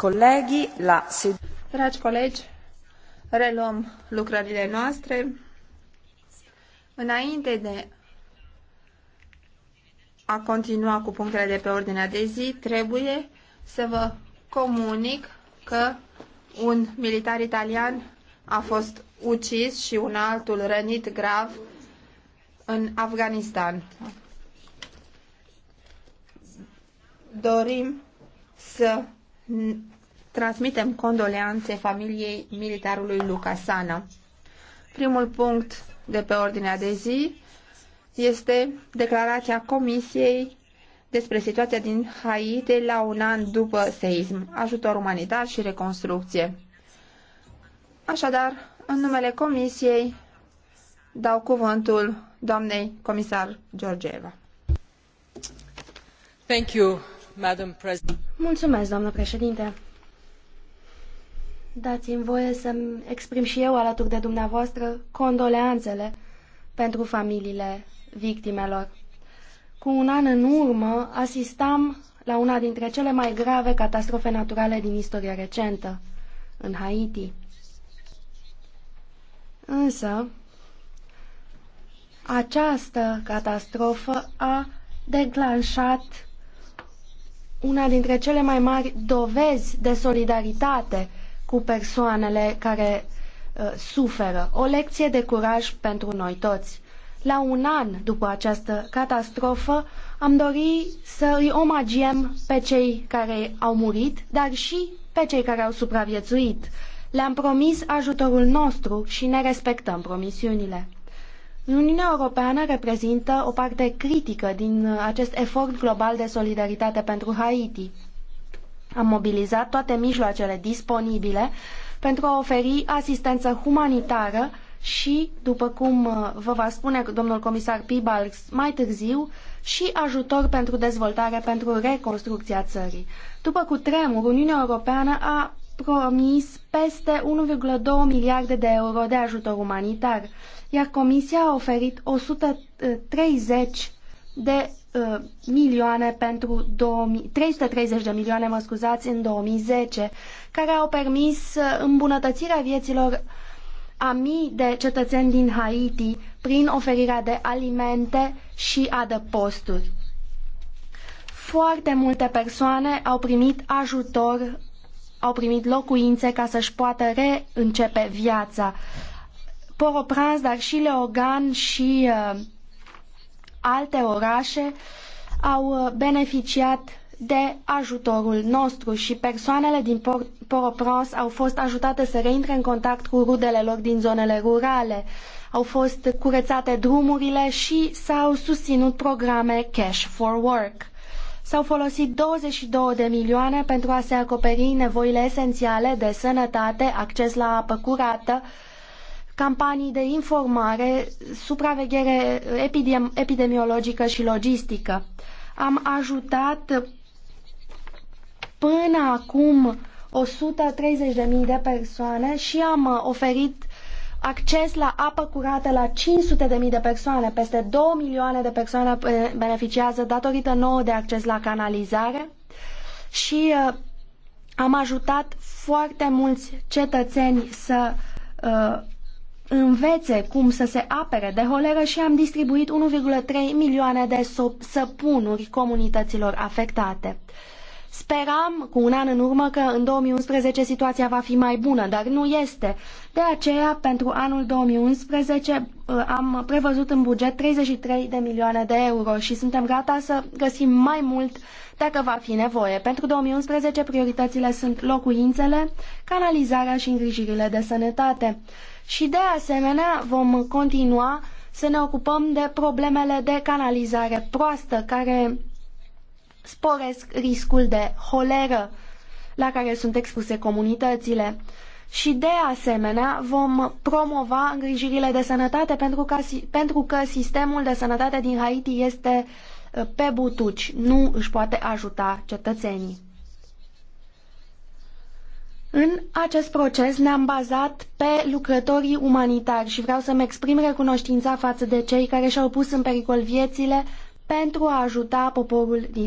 Colegii la Dragi colegi, reluăm lucrările noastre. Înainte de a continua cu punctele de pe ordinea de zi, trebuie să vă comunic că un militar italian a fost ucis și un altul rănit grav în Afganistan. Dorim să transmitem condoleanțe familiei militarului Luca Sana. Primul punct de pe ordinea de zi este declarația Comisiei despre situația din Haiti la un an după seism, ajutor umanitar și reconstrucție. Așadar, în numele Comisiei, dau cuvântul doamnei comisar Georgieva. Thank you, Madam President. Mulțumesc, doamnă președinte. Dați-mi voie să-mi exprim și eu alături de dumneavoastră condoleanțele pentru familiile victimelor. Cu un an în urmă asistam la una dintre cele mai grave catastrofe naturale din istoria recentă, în Haiti. Însă, această catastrofă a declanșat una dintre cele mai mari dovezi de solidaritate cu persoanele care uh, suferă. O lecție de curaj pentru noi toți. La un an după această catastrofă, am dori să îi omagiem pe cei care au murit, dar și pe cei care au supraviețuit. Le-am promis ajutorul nostru și ne respectăm promisiunile. Uniunea Europeană reprezintă o parte critică din acest efort global de solidaritate pentru Haiti. Am mobilizat toate mijloacele disponibile pentru a oferi asistență humanitară și, după cum uh, vă va spune domnul comisar Pibalks mai târziu, și ajutor pentru dezvoltare pentru reconstrucția țării. După cutremur, Uniunea Europeană a promis peste 1,2 miliarde de euro de ajutor umanitar, iar Comisia a oferit 130 de uh, milioane pentru 2000, 330 de milioane, mă scuzați, în 2010, care au permis uh, îmbunătățirea vieților a mii de cetățeni din Haiti prin oferirea de alimente și adăposturi. Foarte multe persoane au primit ajutor, au primit locuințe ca să-și poată reîncepe viața. Poroprans, dar și Leogan și uh, alte orașe au uh, beneficiat de ajutorul nostru și persoanele din Port-au-Prince au fost ajutate să reintre în contact cu rudele lor din zonele rurale, au fost curățate drumurile și s-au susținut programe Cash for Work. S-au folosit 22 de milioane pentru a se acoperi nevoile esențiale de sănătate, acces la apă curată, campanii de informare, supraveghere epidem epidemiologică și logistică. Am ajutat până acum 130.000 de persoane și am oferit acces la apă curată la 500.000 de persoane. Peste 2 milioane de persoane beneficiază datorită nouă de acces la canalizare și uh, am ajutat foarte mulți cetățeni să uh, învețe cum să se apere de holeră și am distribuit 1,3 milioane de săpunuri comunităților afectate. Speram cu un an în urmă că în 2011 situația va fi mai bună, dar nu este. De aceea, pentru anul 2011 uh, am prevăzut în buget 33 de milioane de euro și suntem gata să găsim mai mult dacă va fi nevoie. Pentru 2011 prioritățile sunt locuințele, canalizarea și îngrijirile de sănătate. Și de asemenea vom continua să ne ocupăm de problemele de canalizare proastă care sporesc riscul de holeră la care sunt expuse comunitățile. Și de asemenea vom promova îngrijirile de sănătate pentru, că pentru că sistemul de sănătate din Haiti este uh, pe butuci, nu își poate ajuta cetățenii. În acest proces ne-am bazat pe lucrătorii umanitari și vreau să-mi exprim recunoștința față de cei care și-au pus în pericol viețile pentru a ajuta poporul din